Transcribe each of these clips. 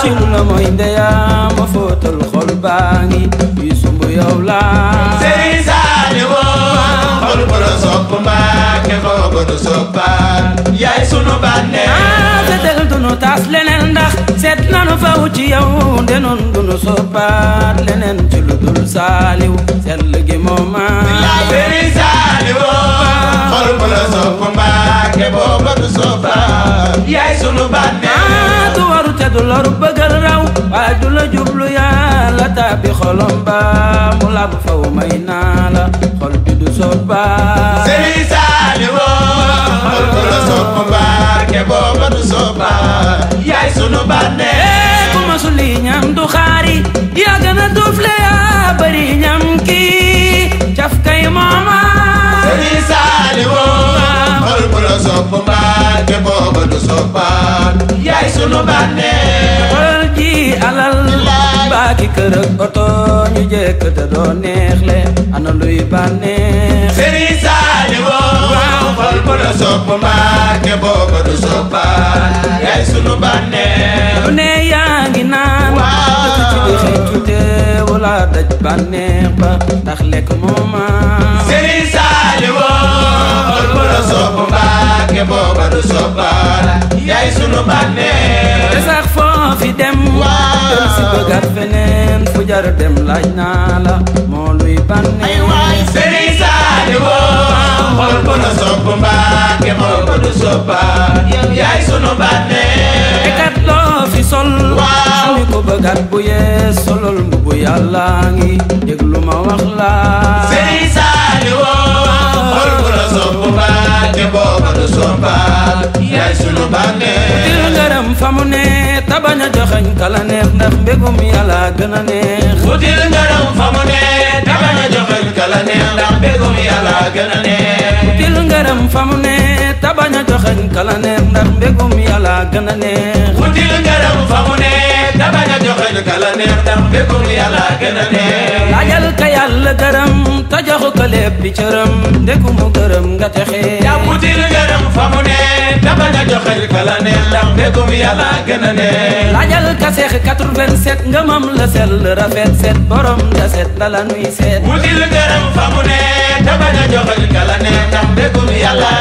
ci lu la mooy ndeyaa ma fóotal xol baa ngi yu sumb yow laa Serigne Saliou xol bu la sopp Mbàkke xol bu la soppal yaay sunu bànnee ah te tegal dunu taas leneen ndax seet nanu faw ci yow de nun dunu soppaat leneen ci lu dul Saliou sell gi mooma Serigne Saliou xol bu la sopp Mbàkke booba du soofaa yaay sunu bànneex ah, du waru te du loru bëggal raw waaye du la jublu yàlla tàbbi xolom ba mu làmb faw may naa la xol bi du soofaa Sëriñ Saaliwu xol bu la sopp Mbàkke booba du soofaa yaay sunu bànneex su lii ñam du xaari yaa gën a duuf la yaa bëri ñam kii caf kay mooma sëriñ saali woon xol bu la sopp baat te booba du soppaat yaay sunu bànnee xol ji alal baaki kër ak oto ñu jëkk te doo neex le ana luy bànneex sëriñ saali woon xol bu la sopp baat te booba du soppaat bànneex ba ndax lekk mooma Serigne Saliou xol bu la sopp Mbàkke booba du soppala yaay sunu bànneex te sax foo fi dem dem si bëggat feneen fu jar dem laaj naa la moo luy bànneex Serigne Saliou xol bu la sopp Mbàkke booba du soppala yaay sunu bànneex te kat loo fi sol ku bëggat bu yee solol mbubu yàlla ngi déglu ma wax la sëriñ saali woo xol bu la sopp baat te booba du soppaat yaay sunu bànnee dil ngërëm fa mu ne te bañ a joxeñ kala neex ndax mbégum yàlla gën a neex bu dil ngërëm fa mu ne te bañ a joxeñ kala neex ndax mbégum yàlla gën a neex dil ngërëm fa mu ne te bañ a joxeñ kala neex ndax mbégum yàlla gën a neex bu dil ngërëm fa mu ne nga bañ a joxe ñu kala yàlla gën a neex. yàlla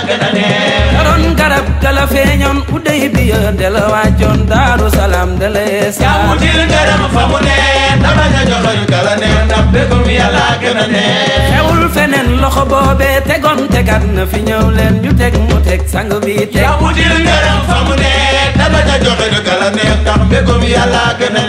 gërëm te garab gala feeñoon udey bi yër de daaru salaam de jaamu dil ngërëm fa mu ne na bañ a joxoñ kala ne ndax mbégum yàlla gën a ne xewul feneen loxo boobee tegoon tegaat na fi ñëw leen ñu teg mu teg sang bi teg jaamu dil ngërëm fa mu ne na bañ a joxoñ kala ne ndax mbégum yàlla gën a ne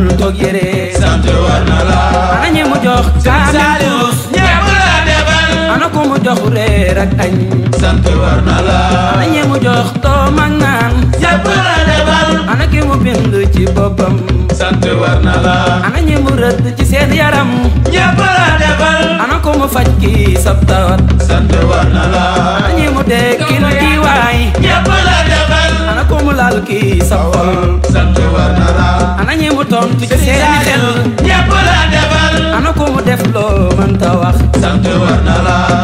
dul toog yére sant war na la ana ñi mu jox kaamil ñépp la defal ana ko mu jox reer ak añ sant war na la ñi mu jox doom naan ana ki mu bind ci boppam ana ñi mu rëdd ci seen yaram ñépp la defal ana ko mu faj ki sab ana ñi mu dekkil ki waay ñépp laal kii ana ñi mu tontu ci seeni xel ana ko mu def loo mënta wax sant war na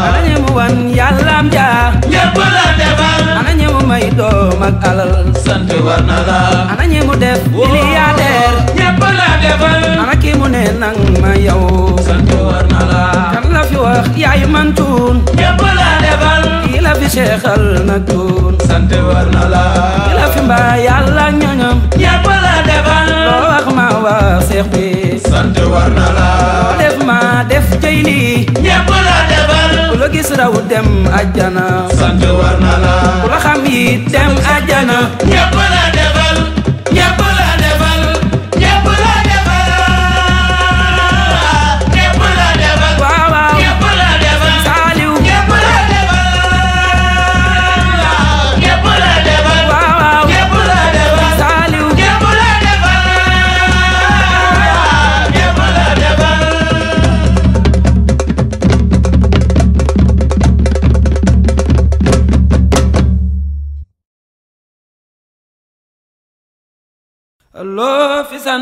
ana ñi mu wan yàllaam ja ñépp la defal ana ñi mu may doom ak alal sant war ana ñi mu def milliardaire ñépp ana kii mu ne nang ma yow sant war na laal kan la fi wax yaayu man tuun ñépp la defal kii la fi seexal nag tuun sant war na laal Bamba yàlla ñoñom ñépp la defal loo wax ma wax ma def cey lii ñépp la defal ku raw dem ajjana sant war na la dem ajjana ñépp la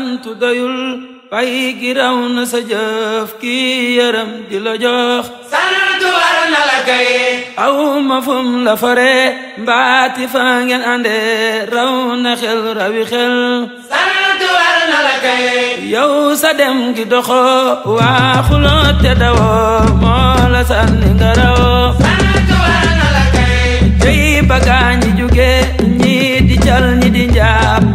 lamtu doyul pay gi raw sa ki yaram di la jox aw ma la fare mbaati fa ngeen ande raw xel rawi xel santu yow sa dem gi doxo te dawoo moo la sànni nga rawoo santu la kay tey bagaañ yi jóge ñii di njaab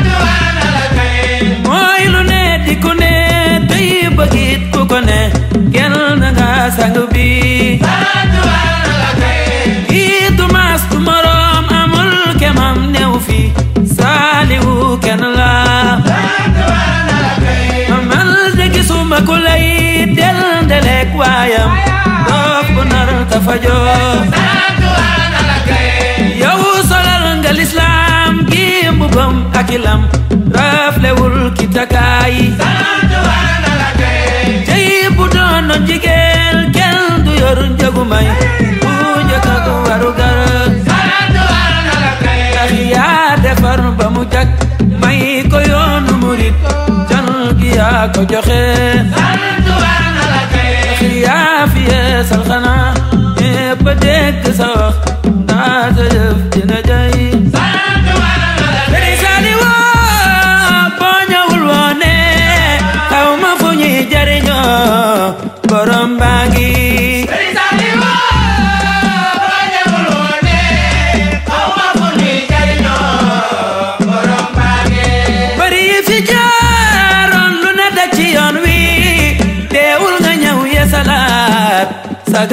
sang bi kii du mas amul kemam new fi saaliwu kenn la amal dëggi sumba ku lay ndelek waayam doof bu nar dafa joo yow solal nga lislaam gi mbubam akilam raflewul ki ko joxe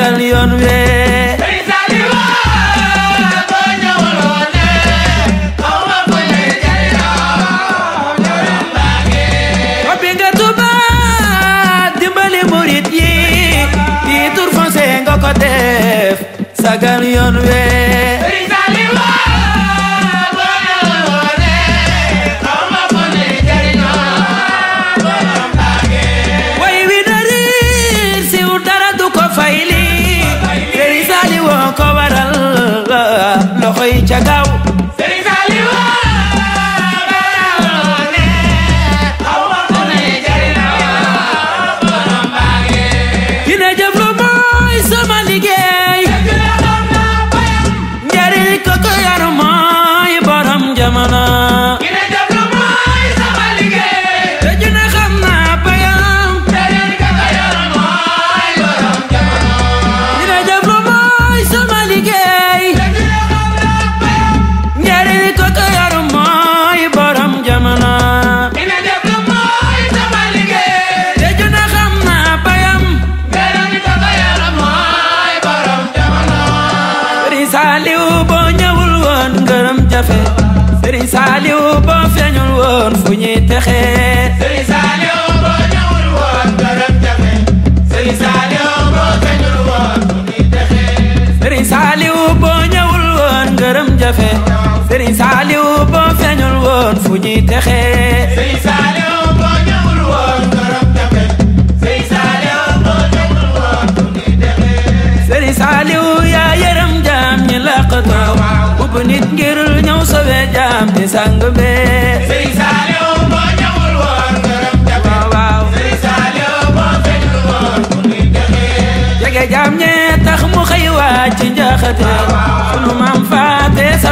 Italian way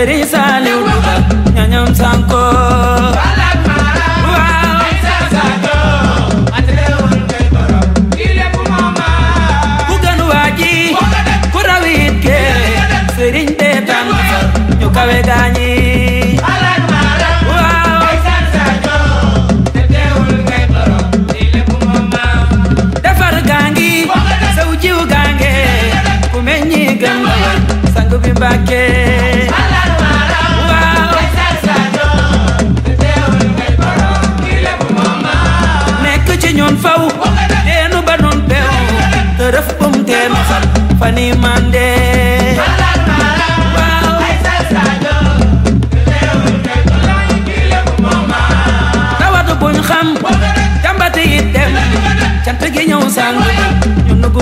ಸರಿ ಸಾ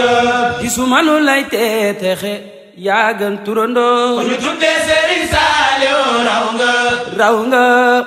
dëgg. gisuma lu lay tee texe yaa gën turandoo. ku ñu tuddee Serigne Saliou raw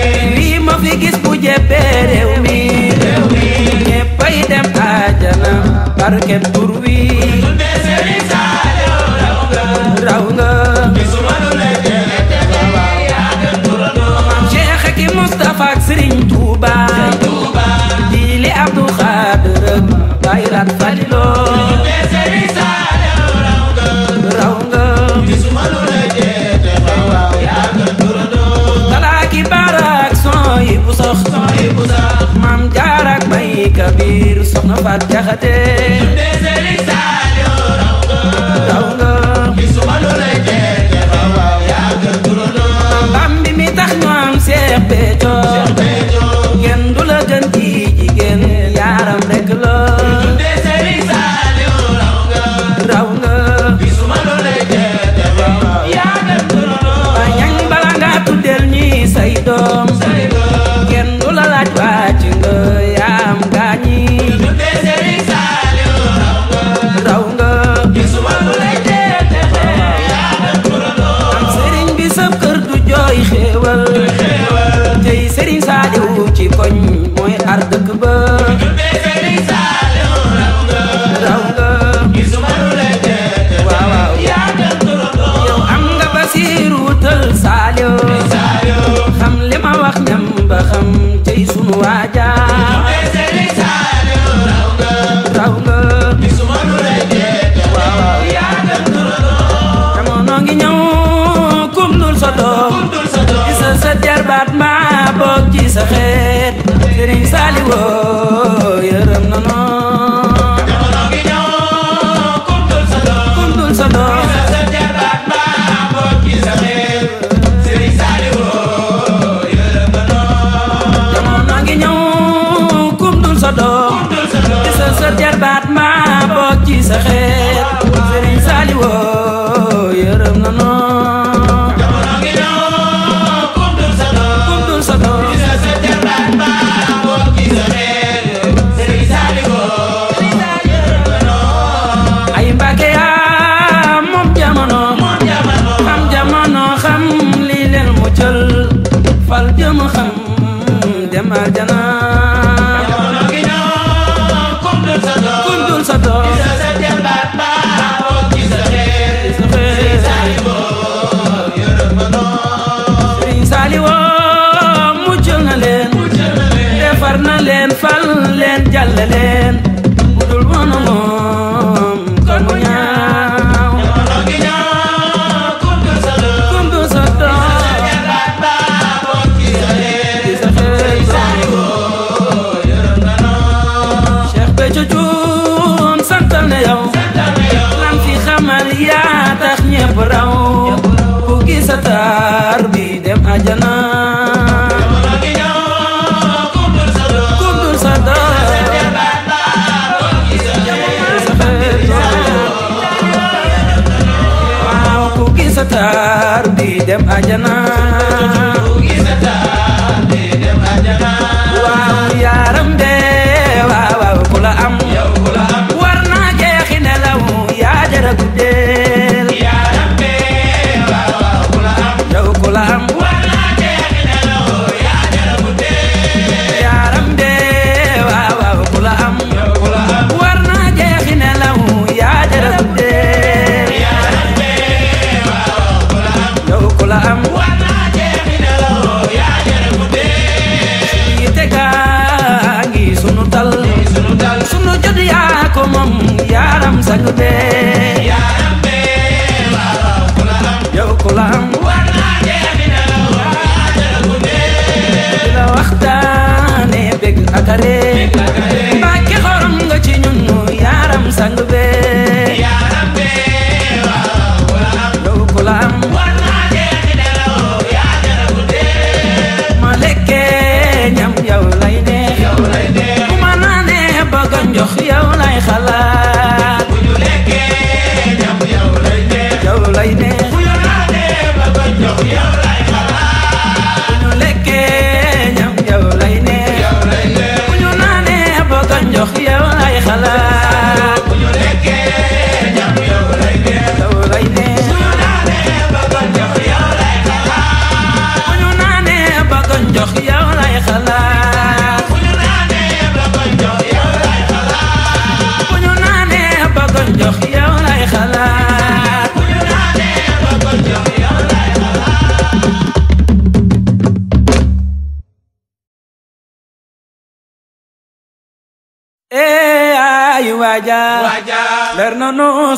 gis bu jébbee réew mi ñépp ay dem àjjana barkeb tur wi raw nga Cheikh ki Moustapha ak Serigne Touba diili Abdou Khadr ak Bayrat Faliloo kabir soxna Faat Jaxate taw nga gisuma lu lay jeex waaw yaa gën turandoo bam bi mi tax ñu am seex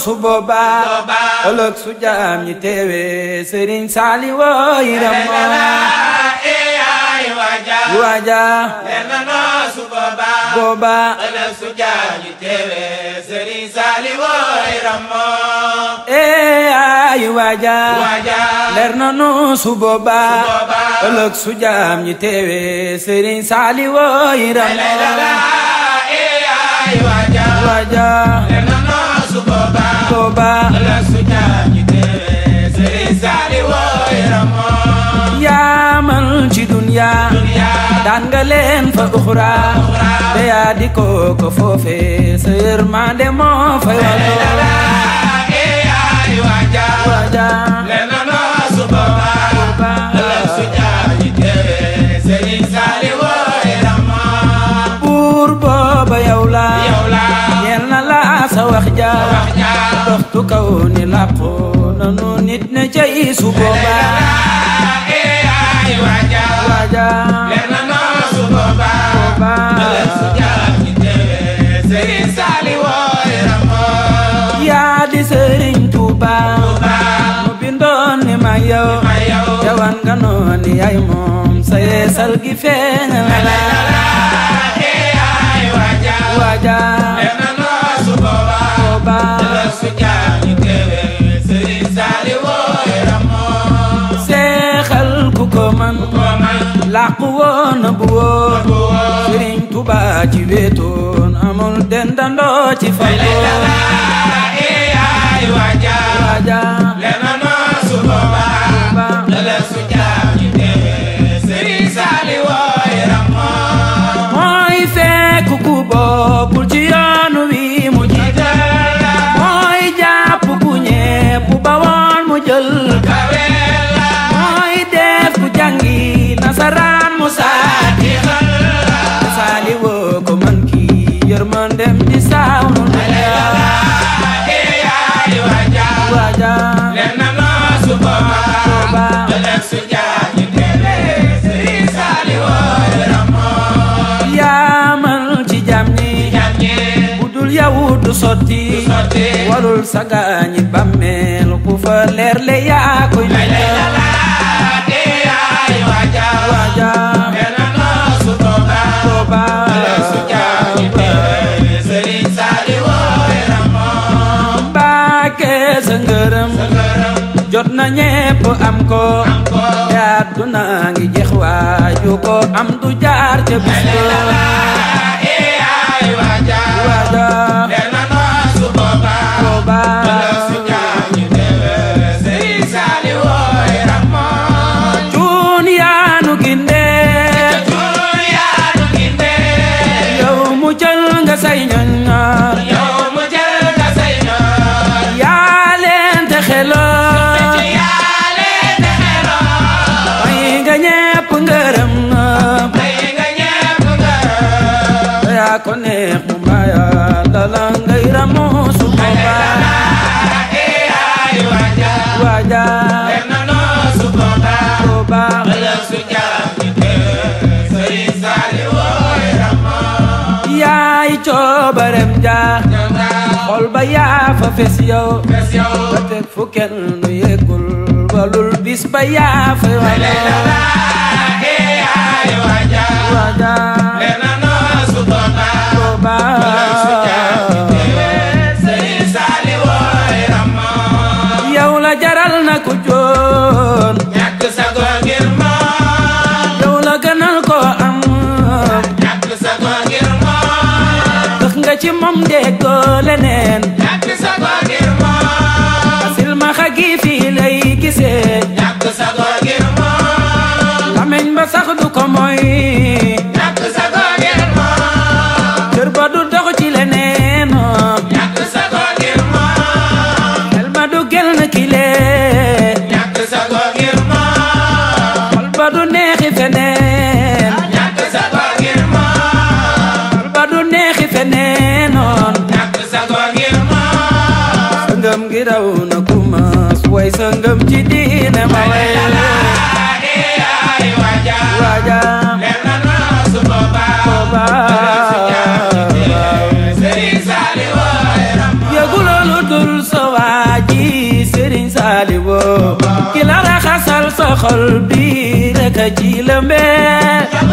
su boobaa ëllëg su jaam ñi teewe Serigne Sali wooyi ramo waaja leer na noo su boobaa boobaa ëllëg su jaam ñi teewe Serigne Sali wooyi ramo ay waaja leer na noo su boobaa ëllëg su jaam ñi teewe Serigne Sali wooyi ramo waaja leer na noo Touba Touba la suñu ñu teewee Serigne Saliou yaram yaa man ci dunya daan nga leen fa uxra te yaa di ko ko foofee sa yërmande moo fay wallo e ay waja waja leen na noo su Bamba sa wax jaar doxtu kaw ni làqu nanu nit ne ca isu booba waaja leer na noo su booba ëllëg su jaam ñi teewe sëriñ saali woori ramboon yaa di sëriñ Tuuba mu bindoon ni ma yow jawan nga nooni moom sa yeesal gi feeñ la waaja baba su jaani teewel Serigne Saliou wooye ramoo seexal ku ko man làqu woon bu woon Serigne Touba ci wetoon amul dendandoo ci fa Mujul jël kawela mooy def ku jàngi nasaraan mu saadixal saali ko man ki di saaw nu neela Sorti, sorti, waja lenna ma suba budul dafa leer le yaa koy lay laa te yaay waaja waaja benn noo su tooba tooba la su jaagi te Sëriñ Saali woowe na moom Mbàkke sa jot na ñépp am ko te àdduna ngi jeex waaju ko am wareem jaax xol ba yaa fa fes yow ba teg ci moom déggoo leneen ñàkk sago ngir moom silmaxa gi fii lay gisee ñàkk sago ngir moom lameñ ba sax du ko mooy nga ngëm ci diine ma way la ay waaja waaja leer na noosu booba booba Serigne Saliou yëgu loolu dul sa waaji Serigne Saliou ki la raxasal sa xol bi rek a ci lëmbee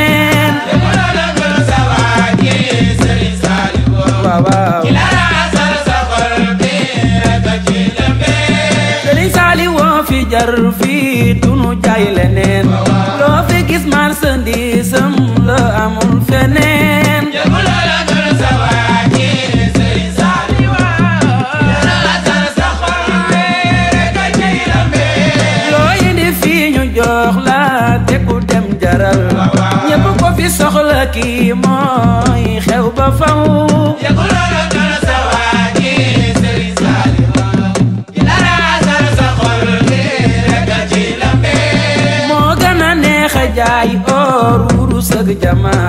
fi jar fii dunu jaay leneen loo fi gis marchandise am la amul feneen loo indi fii ñu jox la te ku dem jaral ñépp ko fi soxla kii mooy xew ba faw Rusak zaman.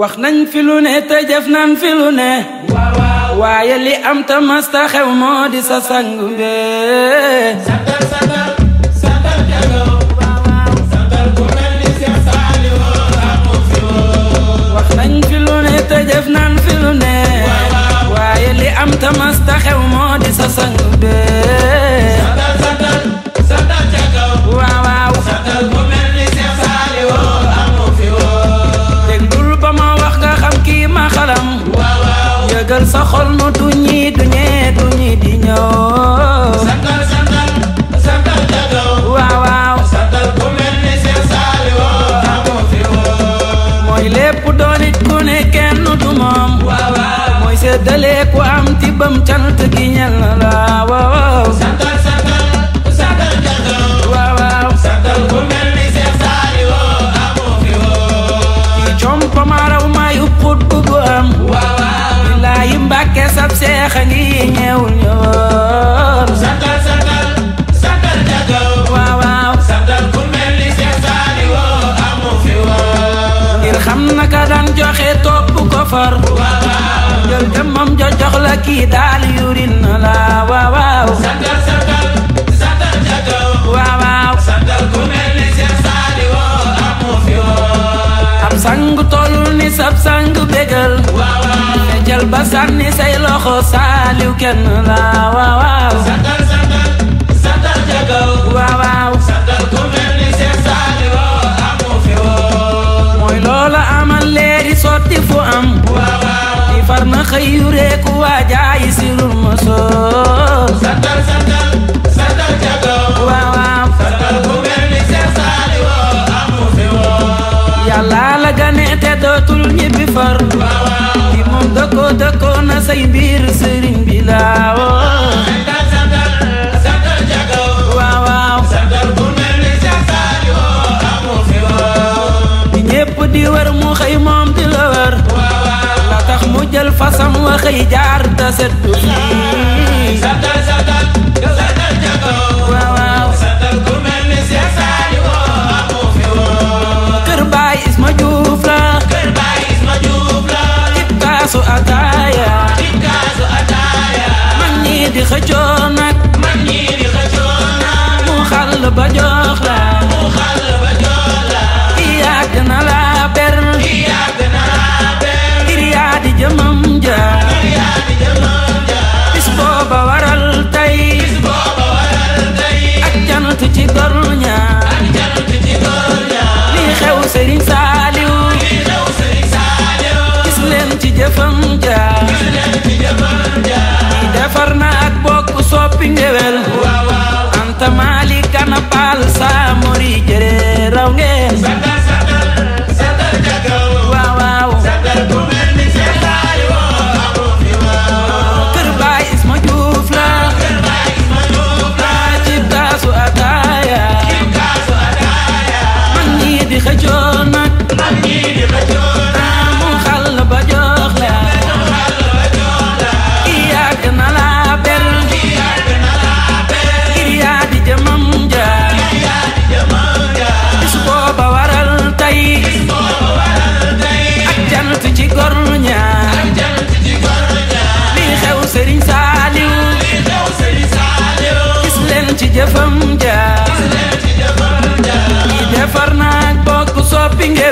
wax nañ fi lu ne te jëf nañ fi lu ne waaye li am xew moo di sa sang be am tamas sa sang bee xornu du ñi du ñee mooy lépp doon ku ne kenn du mooy séddale ku am ti bam cant gi ñel la far jël demam ja jox la kii daal yurin la waaw waaw sagal sagal sagal jagaw waaw waaw sagal ku mel ni Seex Saaliwoo amu fi woon ab sang tollul ni sab sang bégal waaw waaw jël ba sànni say loxo saaliw kenn la waaw waaw yureeku waa jaayi si lu ma soor santal santal santal jagoo waaw waaw santal ku mel ni Seex Saali woo amu fi woo la gane te dootul ñibbi far waaw waaw moom dëkkoo dëkkoo na say mbir sëriñ bi laaw xëy jaar ta set fii satal satal satal jago waaw waaw satal ku mel ni Seex Saaliw amu fi woon kër baay Isma Juuf la kër baay Isma Juuf la ib kaasu ataaya ib kaasu ataaya man ñii di xëccoo nag man ñii di xëccoo nag mu xàll ba jox Kampal sa mori jere raw ngeen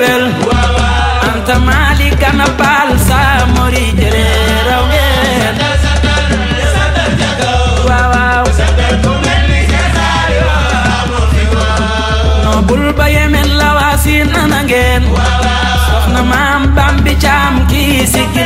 géwél anta maali kana baal saa mori jële raw ngeen waawaaw noo bul ba yemen la waa siin ana ngeen soxna maam bambi caam kii sigil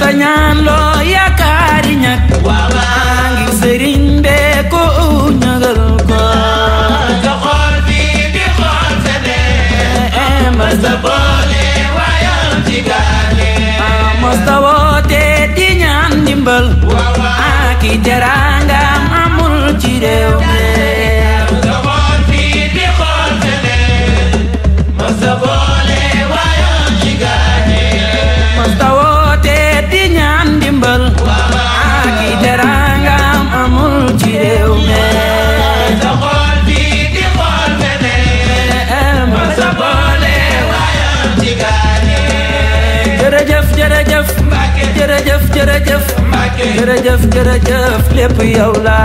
extrañar lépp yow la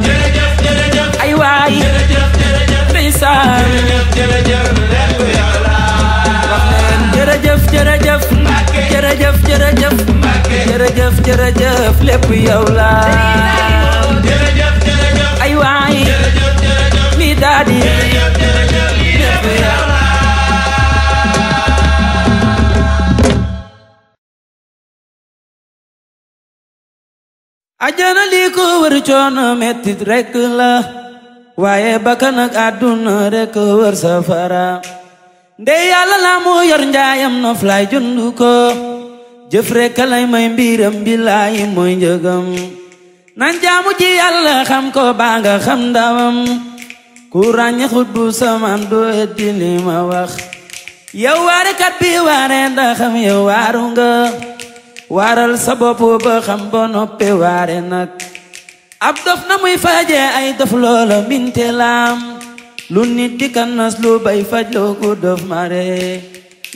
jërëjëf jërëjëf ay waay ndeysaan jërëjëf jërëjëf jërëjëf jërëjëf jërëjëf jërëjëf lépp yow la ay waay mi daadi coona metit rekk la waaye bakkan ak àdduna rekk wër safara ndey yàlla la mo yor njaayam noflaay jëndu ko jëf rekk lay may mbiram billaahi mooy njëgam nan jaamu ji yàlla xam ko baa nga xam ndawam ku ràññexut bu do doo eddi li ma wax yow bi waare ndax xam yow warunga waral sa ba xam ba noppi waare ab dof na muy faje ay dof loola minte lu nit di kannas lu bay faj loo dof mare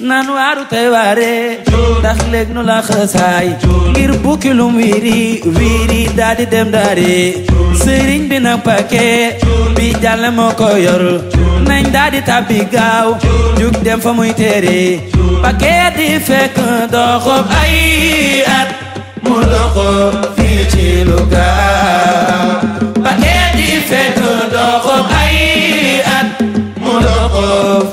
nan waaru tey waare ndax léeg nu la xasaay ngir bukki wiiri wiiri daa dem daare sëriñ bi nag pake bi jàlle moo ko nañ daa di tàbbi gaaw jug dem fa muy téere pake di fekk doxob ay at mu doxob ci lu gaaw di fekk doo ko ay at mu doo ko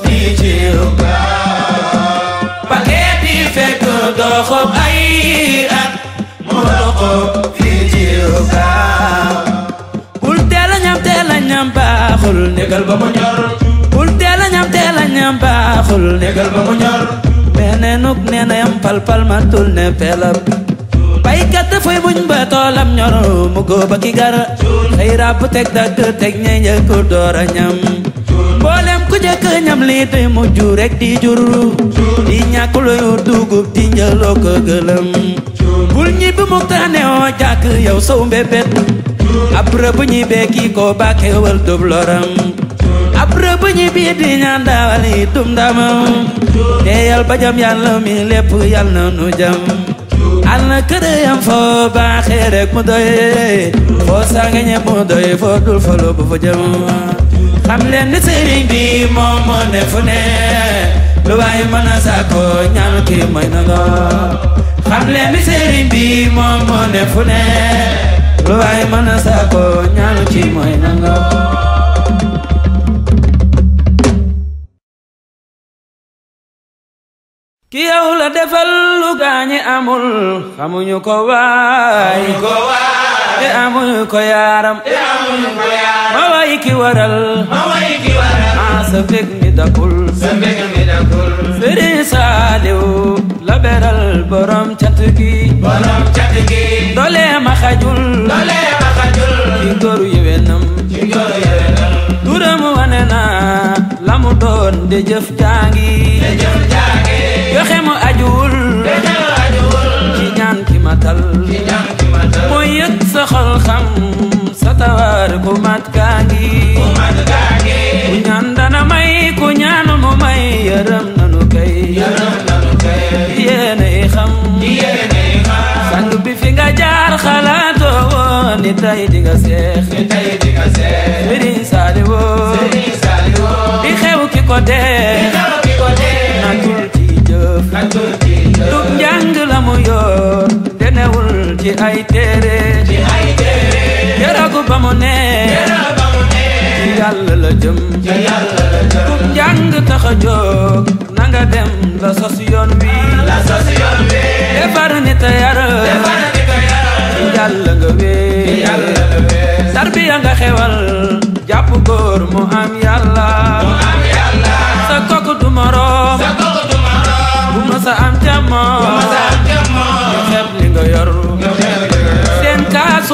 fii ci lu gaaw di fekk doo ko ay at mu doo ko fii ci lu gaaw bul teel a ñam teel a ñam baaxul ba mu ñor bul teel a ñam teel a ñam baaxul ba mu ñor meneenuk neenayam pal pal mantul ne pelab kat dafay buñ ba toolam ñor mu góoba ki gar day ràbb teg dagg teg ña njëkk door a ñam mboolem ku njëkk ñam lii tey mujj rek di jur di ñàkk luy dugub di njëloo ko gëlëm bul ñibbi mukk taane oo jàkk yow mbébét ab rëbb ñi di ñaan daawal yi dum ndamam teeyal ba jam yàlla mi lépp yàlla na nu jam ana kërëyam foo baaxee rek mu doy foo sangañe mu doy foo dul fa bu fa jëm xam leen ni sëriñ bi moom ne fu lu waay mën a sàkko ñaanu na la xam leen ni sëriñ bi moom ne fu lu waay mën a sàkko ñaanu kiyaw la defal lu gañe amul xamuñu ko way ko way ya e amul ko yaram e ya amul ko yaram ma way ki waral ma way ki waral ah, sa fek mi dakul sa fek mi dakul fere salew la beral borom chatgi borom chatgi dole ma khajul dole ma khajul ci goru yewenam ci goru yewenam duram wanena lamu don de jeuf jangi de jeuf jangi joxe mu ajul ci ñaan ki matal mooy yëg sa xol xam sa tawar ku mat gaa ngi ku ñaan dana may ku ñaan mu may yërëm nanu kay yéene xam sang bi fi nga jaar xalaatoo woon ni tey di nga seex sëriñ saali woo di dug njàng la mu yor te newul ci ay téere yaragu ba mu nee ci yàlla la jëm dug njàng tax a jóg na nga dem la sos yoon defar ni te yara ci yàlla nga wéy tarbiya nga xewal jàpp góor mu am yàlla sa kooku du moroom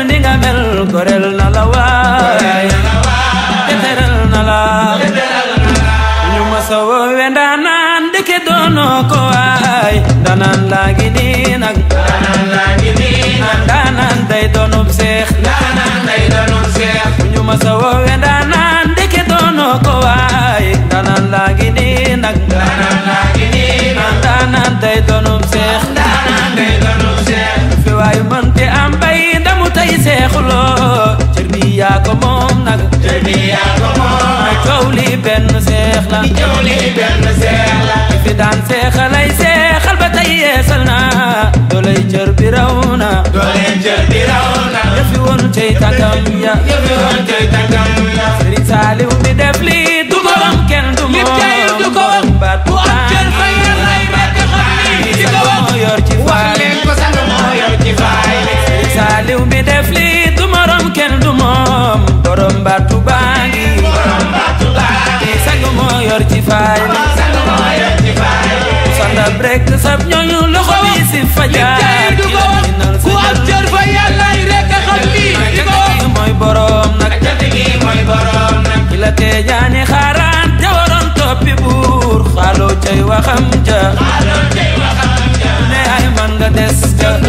ku ni nga mel gorel na la waay deferal na la ñu ma sa woowe ndaanaan ndeke doonoo ko waay ndaanaan laa ngi nii nag ndaanaan day doonub seex ñu ma sa woowe ndaanaan ndeke doonoo ko waay ndaanaan laa ngi nii nag ndaanaan day doonub seex neexuloo cër bi yaa ko moom nag. cër bi yaa ko moom. mooy coow li benn seex la. li coow li benn seex la. li fi daan seexalay seexal ba tey yeesal naa. dooley cër bi raw na. dooley cër bi raw na. yëfi woon cey tànkam ya. yëfi woon cey tànkam ya. Sëriñ Saaliw mi def lii. fajar liggéey du ko ku am cër fa yàlla yi rek a xam lii di ko mooy borom nag cant gi mooy borom nag ki la tee jaani xaaraan ja waroon toppi buur xaaloo cay waxam ja xaaloo cay waxam ja ne ay man nga des ja ne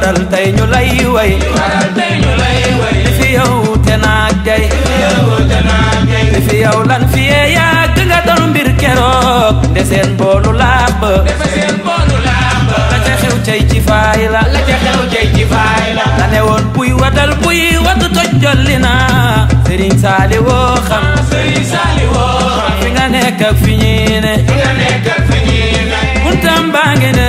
waral tey ñu lay way li fi yow te naag jay li fi yow lan fiye yàgg nga doon mbir keroog deseen boolu làmb la ca xew cay ci faay la la ne woon buy watal buy watu toj jolli naa sëriñ saali woo xam fi nga nekk ak fi ñii ne buntam baa ngi ne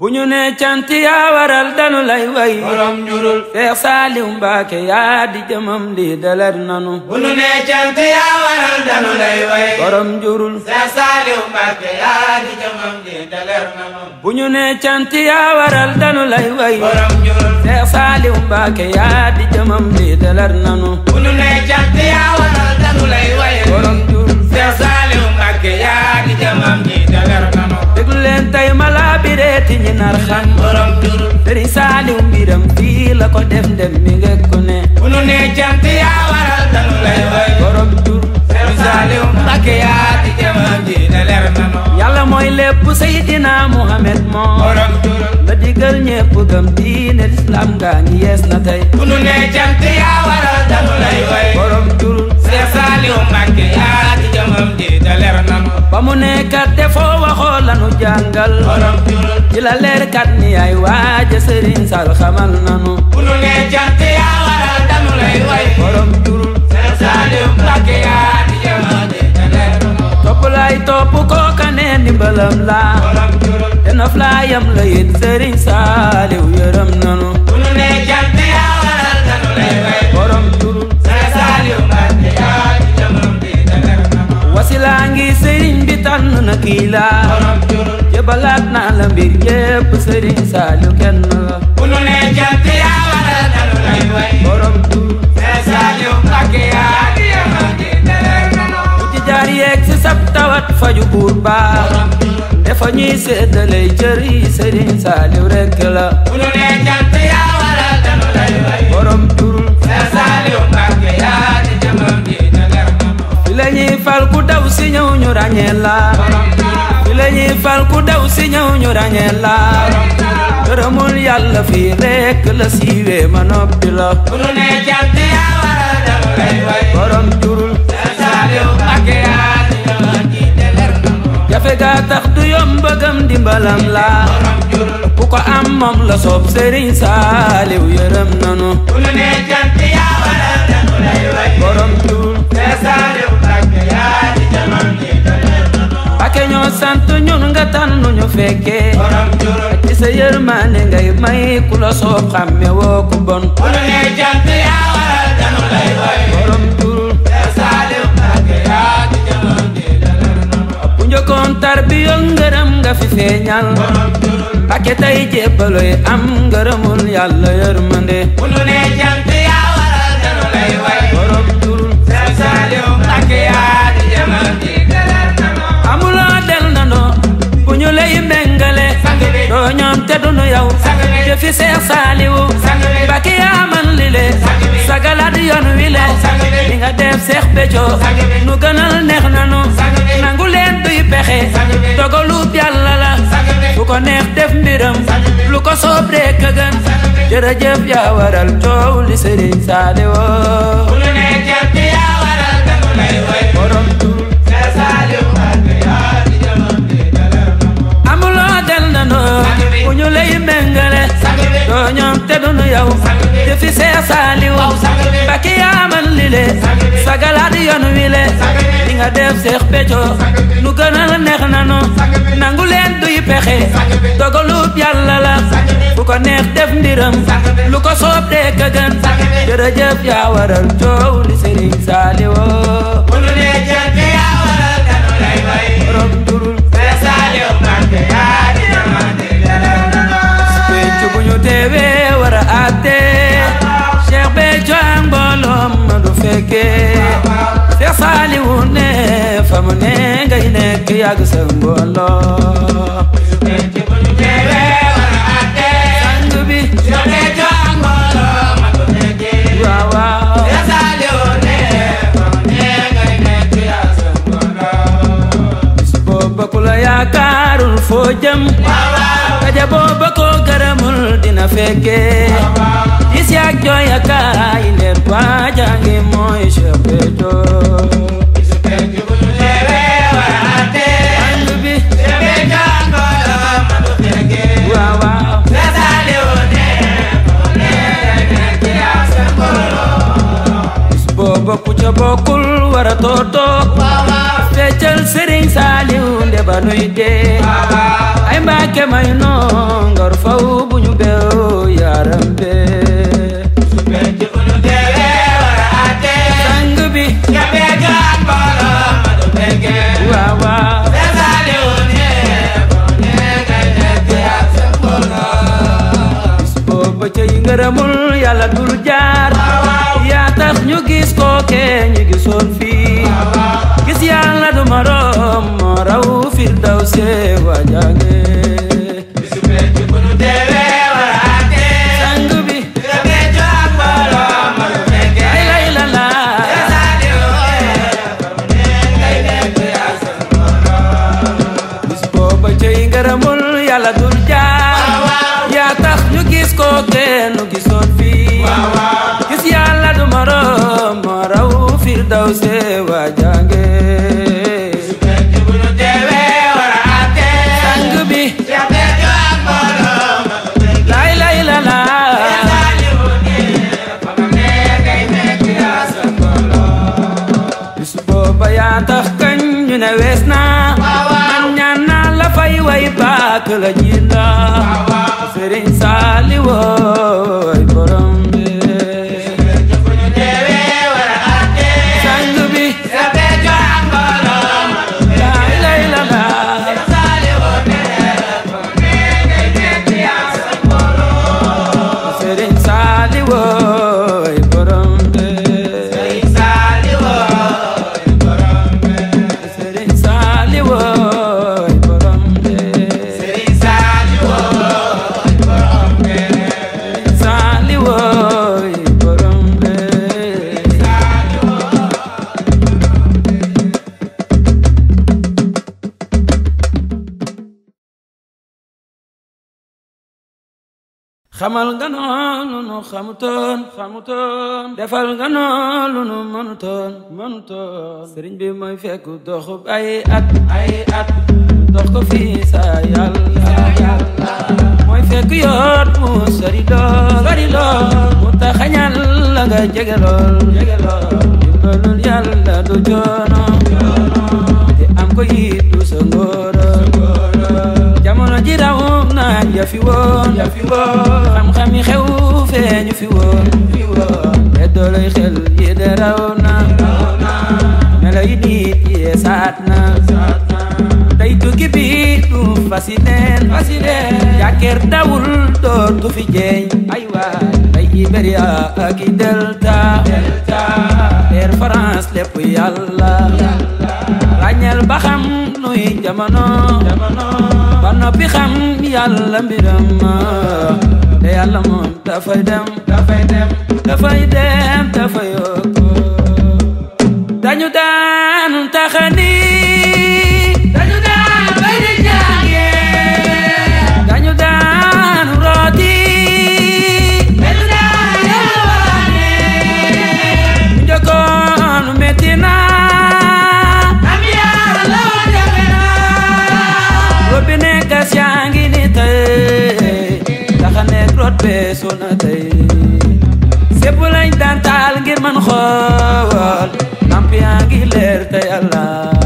bu ñu nee cant yaa waral danu lay borom njurul di jëmam lii dalar jóg leen tey ma bireeti ñi nar borom tur sëriñ saaliw mbiram fii la ko def dem mi nga ne bu nu nee cant yaa waral danu way borom tur sëriñ saaliw mbàkke yaa di jëmam ji ne leer na noo yàlla mooy lépp Seydina Muhammad moo borom tur la digal ñépp gëm diine lislaam gaa ngi yees na tey bu nu nee cant yaa waral danu way Seex Saaliw Mbàkke yaa ci jëmam ji te ba mu nekkat defoo waxoo lanu jàngal borom jurul ci la leerkat ni ay waaja sëriñ sal xamal nanu bu nu nee cant yaa waral danu lay way borom jurul Seex Saaliw Mbàkke yaa ci jëmam ji te leer na ma topp lay topp kooka laa borom jurul te nof laa yam la yit sëriñ nanu bu nu nee cant yaa waral danu lay way borom jurul laa ngi sëriñ bi tànn na kii laa jëbalaat naa di yemal di deleer nanu ci jaar yeeg si sab tawat faju buur baax dafa ñuy seddalay yi sëriñ Saliou rekk la fal ku daw si ñëw ñu ràññee la la ñuy fal ku daw la gërëmul yàlla fii rekk la siiwee ma ne jàpp yaa war a daw way borom jurul saaliw saaliw yërëm nanu ku nu ne jàpp yaa war a daw borom jurul saaliw mbàkke ñoo sant ñun nga tànn ñu fekkee ci sa yërmande ngay may ku la soob xàmme woo ku bon ku nu ne jant yaa waral danu lay way borom jurul yaa saalim mbàkke yaa di jaloon di dalar na bu njëkkoon tar bi yo ngërëm nga fi feeñal mbàkke tey jébbaloy am ngërëmul yàlla yërmande ku nu ne jant yow jëfi Seex Saaliwu baki yaa man lile sagalaat yoon wile li nga def Seex Béthio nu gënal neex nanu nangu leen duy pexe dogalub Yàlla la bu ko neex def mbiram lu ko soob rekk a jërëjëf yaa waral coow li Sëriñ Saaliwu ñoom te dunu yow jëfi see saaliw baki yaaman lile sagalaat yoon wile di nga def seex pejo, nu gënal neex nanu nangu leen duy pexe dogalub yàlla la bu ko neex def mbiram lu ko soob dee ka gën jërëjëf waral coow li sëriñ saaliwoo borom durul. man, bu ñu teewee war a àtte Cheikh Béthio ak mbooloom ma du fekkee Cheikh Saliou ne fa mu ne ngay nekk yàgg sa mbooloo Ya karul jëm kaja booba ko gërëmul dina feke gis yaak jooy ak kaay leer waaja ngi mooy Cheikh Béthio bokku ca bokkul wow. toog feccal sëriñ saaliw nde ba nuy dee ay mbaake may noo ngor faw bu ñu beew Till xamal nga noonu nu xamutoon xamutoon defal nga noonu nu mënutoon mënutoon sëriñ bi mooy fekk doxub ay at ay at dox ko fii mooy fekk yoon mu sori lool sori mu taxañal la nga jege lool jege lool dimbalul yàlla di am ko du sa jamono ji raw fi woon ay waay day Iberia ak i delta delta air France lépp yàlla ràññeel ba xam nuy jamono ba noppi xam yàlla mbiram te yàlla moom dafay dem dafay dem dafay dem dafay yokk dañu daan taxani beesu na tey sépp lañ daan taal ngir man ngi leer Allah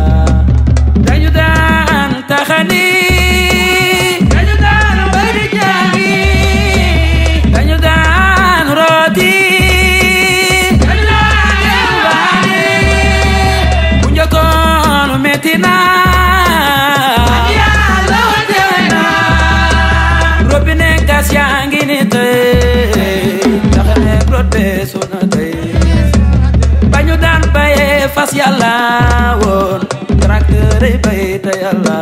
yàlla woon tracteur day bay te yàlla